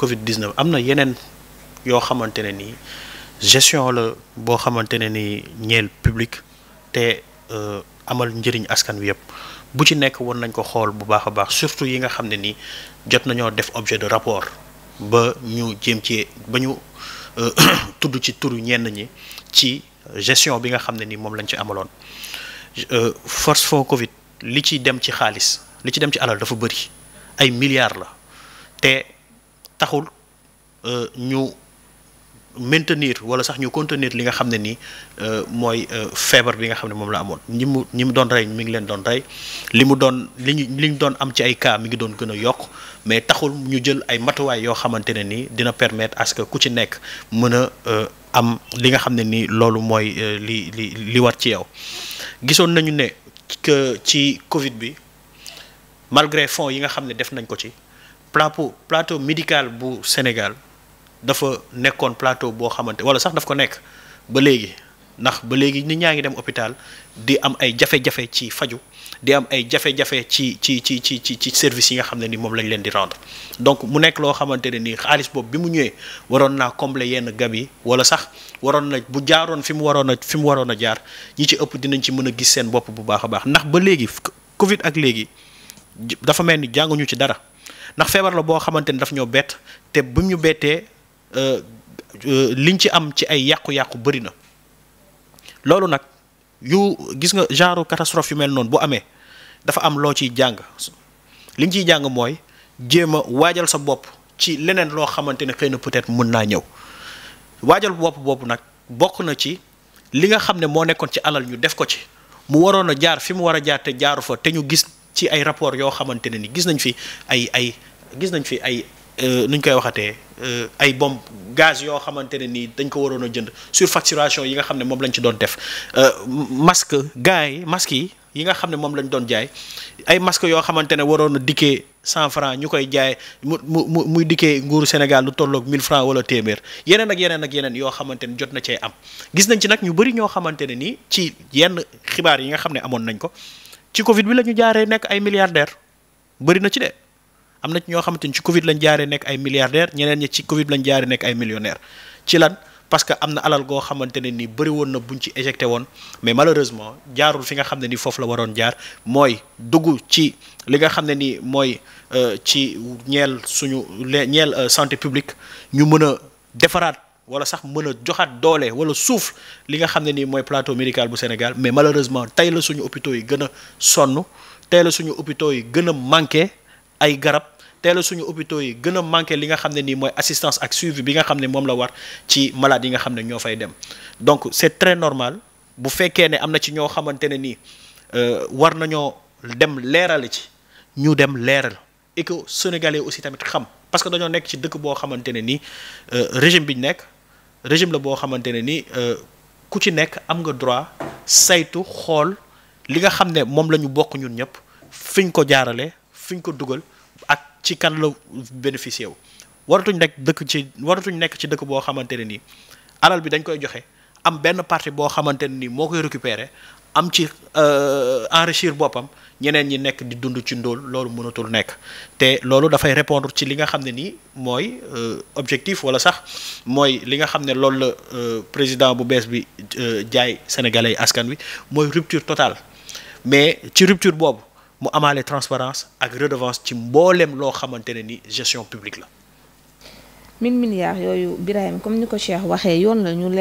Covid 19 am na yeneen yoo xamante ne nii gestion la boo xamante ne nii ñeel public te euh, amal njëriñ askan wi yëpp bu ci nekk war nañ ko xool bu baax a baax surtout yi nga xam ne nii jot nañoo def objet de rapport ba ñu jéem ci ba ñu euh, tudd ci turu ñenn ñi ci gestion bi nga xam ne nii moom lañ ci amaloon euh, force fond Covid li ci dem ci xaalis li ci dem ci alal dafa bëri ay milliards la te. taxul euh, ñu maintenir wala sax ñu contenir li nga xam ne nii euh, mooy euh, feebar bi nga xam ne moom la amoon ñi mu ñi mu doon rey mi ngi leen doon rey li mu doon li ñu li doon am ci ay cas mi ngi doon gën a yokk mais taxul ñu jël ay matuwaay yoo xamante ne nii dina permettre à que ku ci nekk mën a am li nga xam ne nii loolu mooy li li li war ci yow gisoon nañu ne que ci Covid bi malgré fonds yi nga xam ne def nañ ko ci. plateau plateau médical bu Sénégal dafa nekkoon plateau boo xamante wala sax daf ko nekk ba léegi ndax ba léegi nit ñaa ngi dem hôpital di am ay jafe-jafe ci faju di am ay jafe-jafe ci ci ci ci ci ci service yi nga xam ne ni moom lañ leen di rendre donc mu nekk loo xamante ne ni xaalis boobu bi mu ñëwee waroon naa combler yenn gab yi wala sax waroon na bu jaaroon fi mu waroon a fi mu waroon a jaar ñi ci ëpp dinañ ci mën a gis seen bopp bu baax a baax ndax ba léegi Covid ak léegi dafa ni jànguñu ci dara ndax feebar la boo xamante ni daf ñoo bett te bu ñu bettee euh, euh, liñ ci am ci ay yàqu-yàqu bëri na loolu nag yu gis nga genre catastrophe yu mel noonu bu amee dafa am loo ciy jàng liñ ciy jàng mooy jéem a waajal sa bopp ci leneen loo xamante ne xëy na peut-être mën naa ñëw waajal bopp boobu nag bokk na ci li nga xam ne moo nekkoon ci alal ñu def ko ci mu waroon a jaar fi mu war a jaar te jaaru fa te ñu gis ci ay rapport yoo xamante ne ni gis nañ fi ay ay gis nañ fi ay euh, nuñ koy waxatee euh, ay bomb gaz yoo xamante ne nii dañ ko waroon a jënd surfacturation yi nga xam ne moom lañ ci doon def euh, masque gars yi masque yi yi nga xam ne moom lañ doon jaay ay masque yoo xamante ne waroon a dikkee cent franc ñu koy jaay mu mu mu muy dikkee nguur Sénégal lu tolloog mille franc wala téeméer yeneen ak yeneen ak yeneen yoo xamante ne jot na cee am gis nañ ci nag ñu bëri ñoo xamante ne nii ci yenn xibaar yi nga xam ne amoon nañ ko ci Covid bi la ñu jaaree nekk ay milliardaire bëri na ci de am na ñoo xamante ni ci Covid lañ jaaree nekk ay milliardaire ñeneen ñi ci Covid lañ jaaree nekk ay millionnaire ci lan parce que am na alal goo xamante ne ni bëri woon na buñ ci éjecté woon mais malheureusement jaarul fi nga xam ne ni foofu la waroon jaar mooy dugg ci li nga xam ne ni mooy euh, ci ñeel suñu ñeel euh, santé publique ñu mën a defaraat. wala sax mën a joxaat doole wala suuf li nga xam ne nii mooy plateau médical bu Sénégal mais malheureusement tey la suñu hôpitaux yi gën a sonn tey la suñu hôpitaux yi gën a manqué ay garab tey la suñu hôpitaux yi gën a manqué li nga xam ne nii mooy assistance ak suivi bi nga xam ne moom la war ci malade yi nga xam ne ñoo fay dem donc c'est très normal bu fekkee ne am na ci ñoo xamante ne nii euh, war nañoo dem leerale ci ñu dem leeral et que sénégalais aussi tamit xam parce que dañoo nekk ci dëkk boo xamante ne nii euh, régime bi ñu nekk. régime la boo xamante ne ni euh, ku ci nekk am nga droit saytu xool li nga xam ne moom la ñu bokk ñun ñëpp fiñ ko jaarale fiñ ko dugal ak ci kan la bénéficier wu waratuñ nekk dëkk ci waratuñ nekk ci dëkk boo xamante ne nii alal bi dañ koy joxe am benn parti boo xamante nii moo koy récupérer am ci euh, enrichir boppam ñeneen ñi nekk di dund ci ndóol loolu mënatul nekk te loolu dafay répondre ci li nga xam ne nii mooy euh, objectif wala sax mooy li nga xam ne loolu la euh, président bu bees bi euh, jaay sénégalais yi askan wi mooy rupture total mais ci rupture boobu mu amaale transparence ak redevance ci mbooleem loo xamante ne ni gestion publique la. milliards yooyu Birahim comme ni ko Cheikh waxee yoon la ñu